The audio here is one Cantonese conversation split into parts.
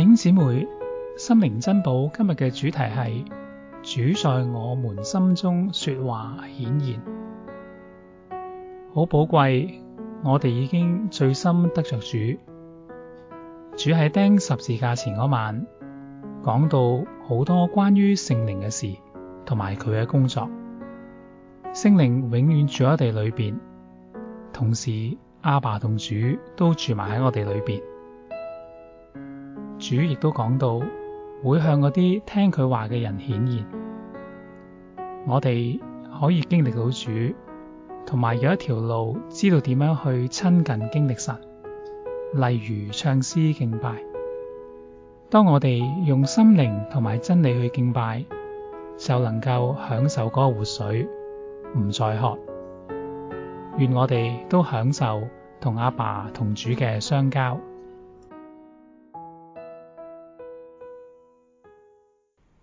兄姊妹心靈珍寶，今日嘅主題係主在我們心中說話顯現，好寶貴。我哋已經最心得着主，主喺釘十字架前嗰晚講到好多關於聖靈嘅事，同埋佢嘅工作。聖靈永遠住喺我哋裏邊，同時阿爸同主都住埋喺我哋裏邊。主亦都講到，會向嗰啲聽佢話嘅人顯現。我哋可以經歷到主，同埋有一條路，知道點樣去親近經歷神。例如唱詩敬拜。當我哋用心靈同埋真理去敬拜，就能夠享受嗰個活水，唔再渴。願我哋都享受同阿爸同主嘅相交。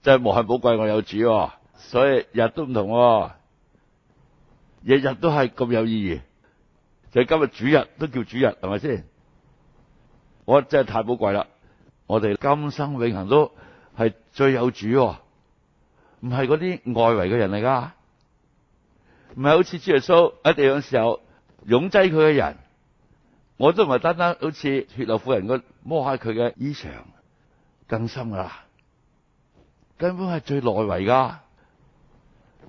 即係無限寶貴，我有主、啊，所以日日都唔同、啊，日日都係咁有意義。就是、今日主日都叫主日，係咪先？我真係太寶貴啦！我哋今生永恒都係最有主、啊，唔係嗰啲外圍嘅人嚟噶，唔係好似主耶穌喺地上時候，擁擠佢嘅人，我都唔係單單好似血流婦人，咁摸下佢嘅衣裳，更深噶啦。根本係最內圍噶，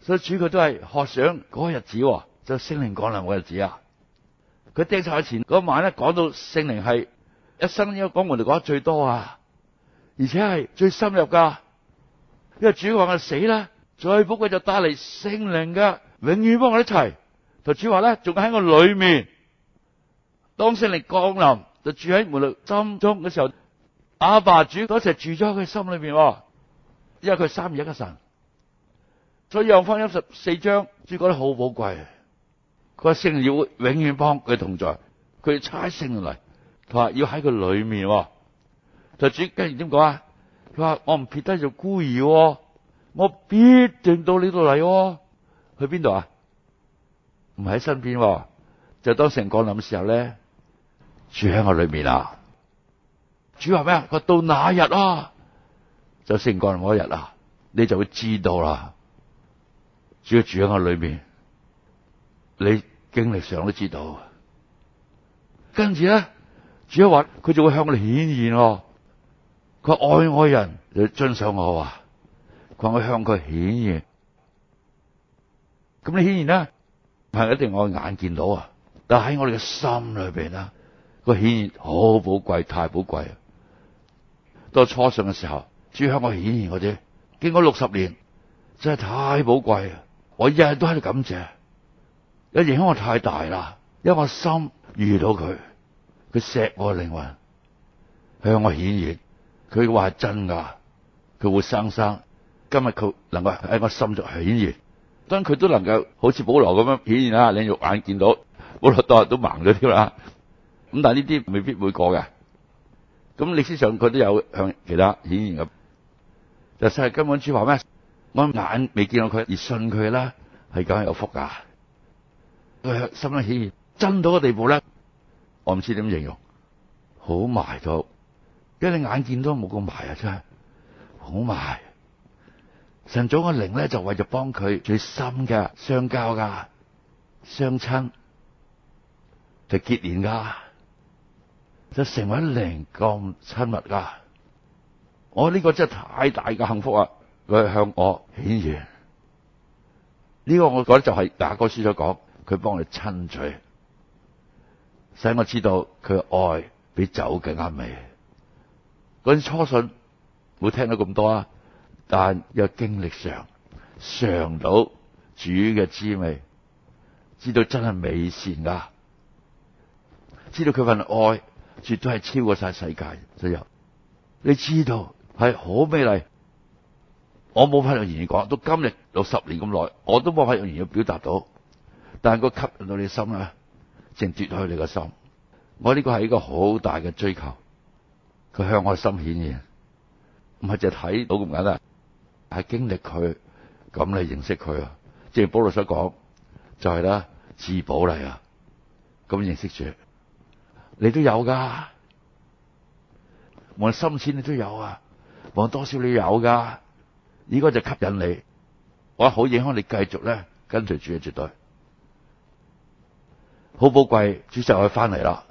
所以主佢都係學想嗰個日子就聖靈降臨個日子啊。佢釘十字前嗰晚咧，講到聖靈係一生中講門徒講得最多啊，而且係最深入噶，因為主話佢死啦，最寶貴就帶嚟聖靈噶，永遠幫我一齊。頭主話咧，仲喺我裏面，當聖靈降臨就住喺門徒心中嘅時候，阿爸主都一齊住咗喺佢心裏邊。因為佢三而一嘅神，所以約翰福音十四章，只覺得好寶貴。佢話聖靈會永遠幫佢同在，佢要差聖靈嚟，佢話要喺佢裏面。就主跟住點講啊？佢話我唔撇得做孤兒、啊，我必定到呢度嚟。去邊度啊？唔喺身邊、啊，就當聖靈降臨嘅時候咧，住喺我裏面啊。主話咩啊？佢到那日啊。就升過嚟嗰一日啊，你就會知道啦。只要住喺我裏邊，你經歷上都知道。跟住咧，主一話佢就會向我顯現咯。佢愛我嘅人，遵守我話啊！佢話我向佢顯現。咁你顯現咧，唔係一定我眼見到啊，但喺我哋嘅心裏邊啦，個顯現好寶貴，太寶貴啊。到初信嘅時候。主向我顯現嗰啲，經過六十年，真係太寶貴啊！我日日都喺度感謝，因為影響我太大啦。因為我心遇到佢，佢錫我靈魂，向我顯現，佢話係真噶，佢會生生。今日佢能夠喺我心度顯現，當佢都能夠好似保羅咁樣顯現啦，你肉眼見到，保羅當日都盲咗添啦。咁但係呢啲未必會過嘅，咁歷史上佢都有向其他顯現嘅。就係根本主話咩？我眼未見到佢而信佢啦，係梗係有福噶。佢心生喜悅，真到個地步咧，我唔知點形容，好埋到，因為你眼見都冇咁埋啊！真係好埋。神早個靈咧，就為咗幫佢最深嘅相交噶、相親，就結連噶，就成為靈咁親密噶。我呢、哦，這個真係太大嘅幸福啊！佢向我顯現呢、這個，我覺得就係雅歌書所講，佢幫佢親嘴，使我知道佢愛比酒更啱味。嗰陣初信冇聽到咁多啊，但又經歷上嘗，嘗到主嘅滋味，知道真係美善噶、啊，知道佢份愛絕對係超過晒世界所有，你知道。係好美麗，我冇法用言語講。到今日六十年咁耐，我都冇法用言語表達到。但係個吸引到你心咧，淨奪去你個心。我呢個係一個好大嘅追求，佢向我心顯現，唔係就睇到咁簡單，係經歷佢，咁你認識佢啊。正如保羅所講，就係啦，自保嚟啊，咁認識住，你都有噶，無論深淺你都有啊。我多少你有噶？呢個就吸引你，我好影響你繼續咧跟隨主嘅絕對好寶貴。主就係翻嚟啦，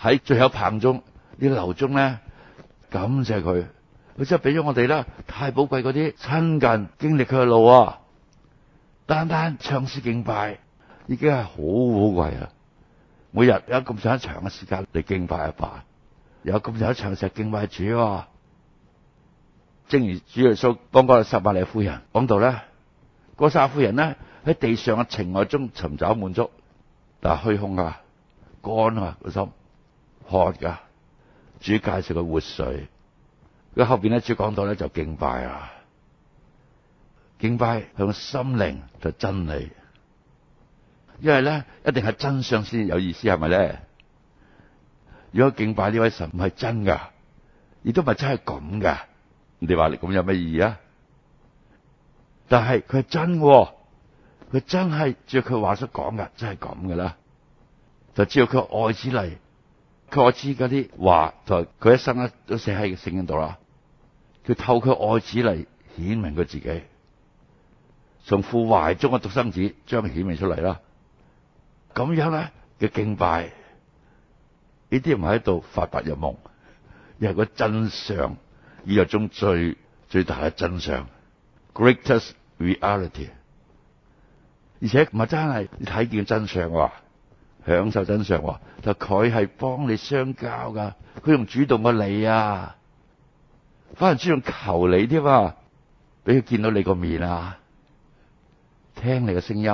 喺最後棒中啲留中咧，感謝佢，佢真係俾咗我哋啦，太寶貴嗰啲親近經歷佢嘅路啊！單單唱詩敬拜已經係好寶貴啦。每日有咁上一長嘅時間嚟敬拜一拜，有咁上一長石敬拜主啊。正如主耶穌講過撒瑪利亞婦人講到咧，嗰撒婦人咧喺地上嘅情愛中尋找滿足，嗱虛空啊，乾啊個心，渴噶。主介紹個活水，佢後邊咧主講到咧就敬拜啊，敬拜向個心靈就真理，因為咧一定係真相先有意思係咪咧？如果敬拜呢位神唔係真噶，亦都唔係真係咁噶？你話你咁有咩意義啊？但係佢係真、哦，佢真係照佢話所講嘅，真係咁噶啦。就照佢愛子嚟，佢愛子嗰啲話就佢一生都寫喺聖經度啦。佢透佢愛子嚟顯明佢自己，從父懷中嘅獨生子將佢顯明出嚟啦。咁樣咧嘅敬拜，呢啲唔係喺度發白日夢，又係個真相。宇宙中最最大嘅真相，greatest reality。而且唔係真係睇見真相啊，享受真相啊。就佢係幫你相交噶，佢用主動嘅你啊，反而主動求你添啊，俾佢見到你個面啊，聽你嘅聲音。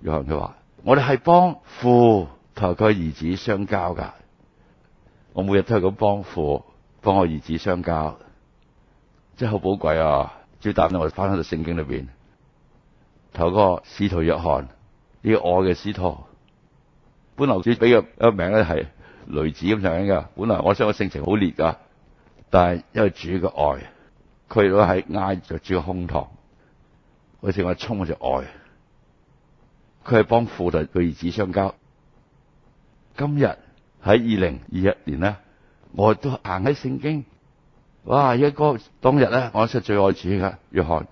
約翰佢話：我哋係幫父同佢兒子相交噶，我每日都係咁幫父。幫我兒子相交，真係好寶貴啊！最答應我哋翻喺度聖經裏邊，頭個使徒約翰，呢、這個愛嘅使徒，本嚟主俾嘅個名咧係雷子咁樣噶。本嚟我相信性情好烈噶，但係因為主嘅愛，佢都係挨住主嘅胸膛，好似我沖住愛，佢係幫父代佢兒子相交。今日喺二零二一年啦。我都行喺聖經，哇！一個當日咧，我出最愛主嘅約翰，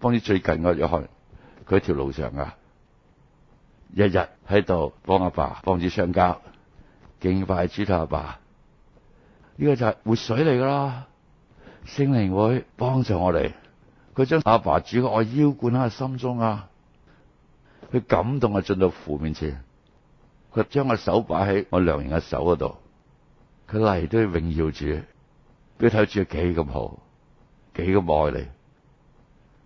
幫啲最近嘅約翰，佢喺條路上啊，日日喺度幫阿爸，爸，幫住相交，敬拜主同阿爸。呢、這個就係活水嚟噶啦，聖靈會幫助我哋。佢將阿爸主嘅腰灌喺心中啊，佢感動我進到父面前，佢將個手擺喺我良人嘅手嗰度。佢嚟都要榮耀主，你睇住幾咁好，幾咁愛你。